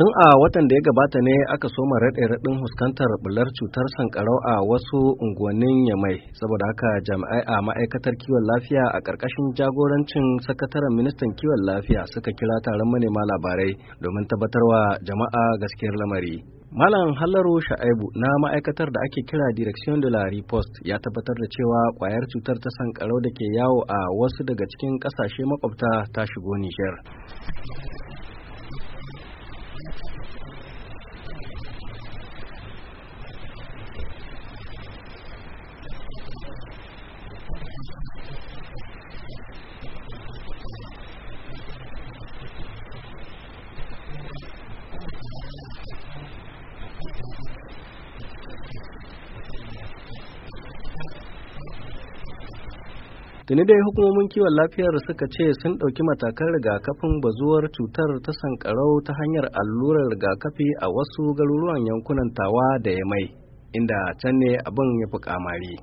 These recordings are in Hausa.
Tun a watan da ya gabata ne aka soma raɗe-raɗin huskantar bular cutar sankarau a wasu unguwannin Yamai, saboda haka jami'ai a ma'aikatar kiwon lafiya a ƙarƙashin jagorancin sakataren ministan kiwon lafiya suka kira taron manema labarai domin tabbatarwa jama'a gaskiyar lamari. Malam Hallaro Sha'aibu na ma'aikatar da ake kira Direction de la Riposte ya tabbatar da cewa kwayar cutar ta sankarau da ke yawo a wasu daga cikin ƙasashe makwabta ta shigo Nijar. Tuni dai hukumomin kiwon lafiyar suka ce sun ɗauki matakan rigakafin bazuwar cutar ta sankarau ta hanyar allurar rigakafi a wasu garuruwan yankunan tawa da ya mai, inda can ne abin ya fi kamari.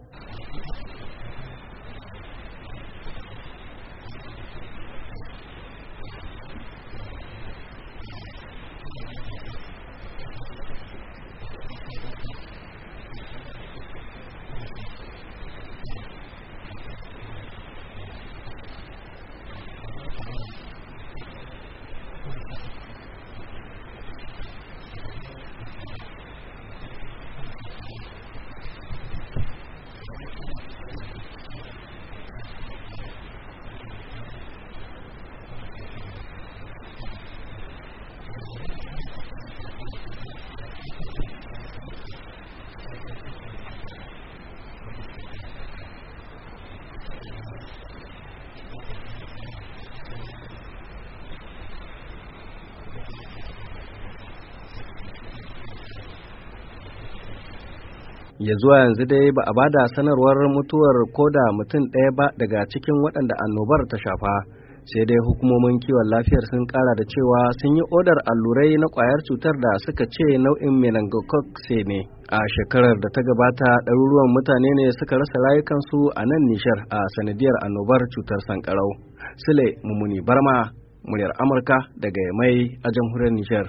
ya zuwa yanzu dai ba a bada sanarwar mutuwar koda mutum ɗaya ba daga cikin waɗanda annobar ta shafa sai dai hukumomin kiwon lafiyar sun ƙara da cewa sun yi odar allurai na kwayar cutar da suka ce nau'in meningococce ne a shekarar da ta gabata ɗaruruwan mutane ne suka rasa rayukansu a nan nishar a sanadiyar annobar cutar sankarau sule mummuni barma muryar amurka daga mai a jamhuriyar nishar